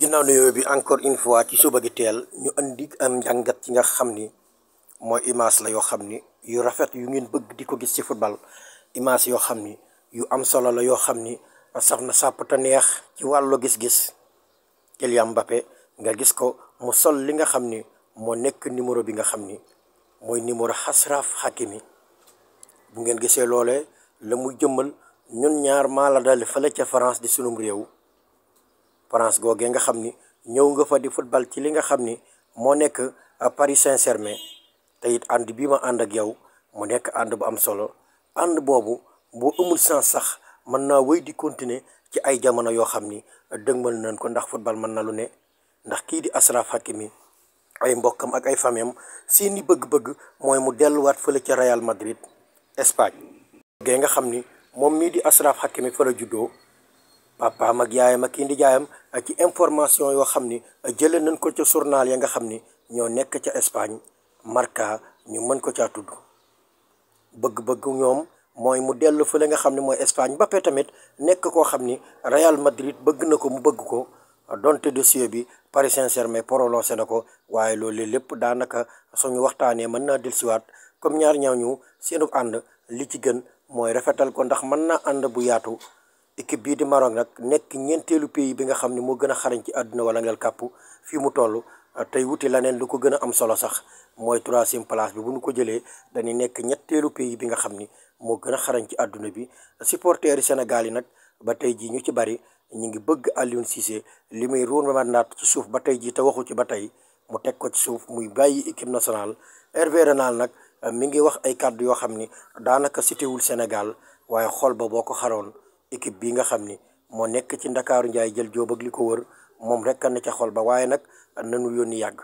ginnaaw na yooyu bi encore une fois ci suba gi teel ñu andi am njàngat ci nga xam ni mooy image la yoo xam ni yu rafet yu ngeen bëgg di ko gis ci football image yoo xam ni yu am solo la yoo xam ni sax na sàpp te neex ci wàll gis-gis Kylian Mbappé nga gis ko mu sol li nga xam ni moo nekk numéro bi nga xam ni mooy numéro Achraf Hakimi bu ngeen gisee loolee la muy jëmmal ñun ñaar maa la dal fële ca France di sunum réew France googee nga xam ni ñëw nga fa di footbal ci li nga xam ni moo nekk euh, Paris Saint-Germain te it ànd bii ma ànd ak yow mu nekk ànd bu am solo ànd boobu bu amul sens sax mën na wéy di continuer ci ay jamono yoo xam ni dëgmal nañ ko ndax football mën na lu ne ndax kii di Achraf mi ay mbokkam ak ay famem seeni bëgg-bëgg mooy mu delluwaat fële ca Real Madrid Espagne. gee nga xam ni moom mii di Achraf Hakimi mi la juddoo papaam ak yaayam ak indi jaayam ak ci information yoo xam ni jëlee nañ ko ca journal ya nga xam ni ñoo nekk ca Espagne Marca ñu mën ko caa tudd bëgg-bëgg ñoom mooy mu dellu fële nga xam ne mooy Espagne Mbappé tamit nekk koo xam ni Real Madrid bëgg na ko mu bëgg ko donte dossier bi Paris Saint-Germain prolongé na ko waaye loolu lépp daanaka suñu waxtaanee mën naa dellusiwaat comme ñaar ñaw ñu seenu ànd li ci gën mooy rafetal ko ndax mën naa ànd bu yaatu équipe bii di Maroc nag nekk ñenteelu pays bi nga xam ne moo gën a xarañ ci àdduna wala ngel kàppu fii mu toll tey wuti laneen lu ko gën a am solo sax mooy troisième place bi bu ñu ko jëlee dañuy nekk ñetteelu pays bi nga xam ni moo gën a xarañ ci àdduna bi supporters yi Sénégal yi nag ba tey jii ñu ci bari ñu ngi bëgg allion Cissé li muy ruur naat ci suuf ba tey jii te waxu ci ba tey mu teg ko ci suuf muy bàyyi équipe national Hervé Renard nag mi ngi wax ay kàddu yoo xam ni daanaka citéwul Sénégal waaye xol ba boo ko xaroon équipe bii nga xam ni moo nekk ci ndakaaru njaay jël joob li ko wër moom rek na ca xol ba waaye nag nanu yónni yàgg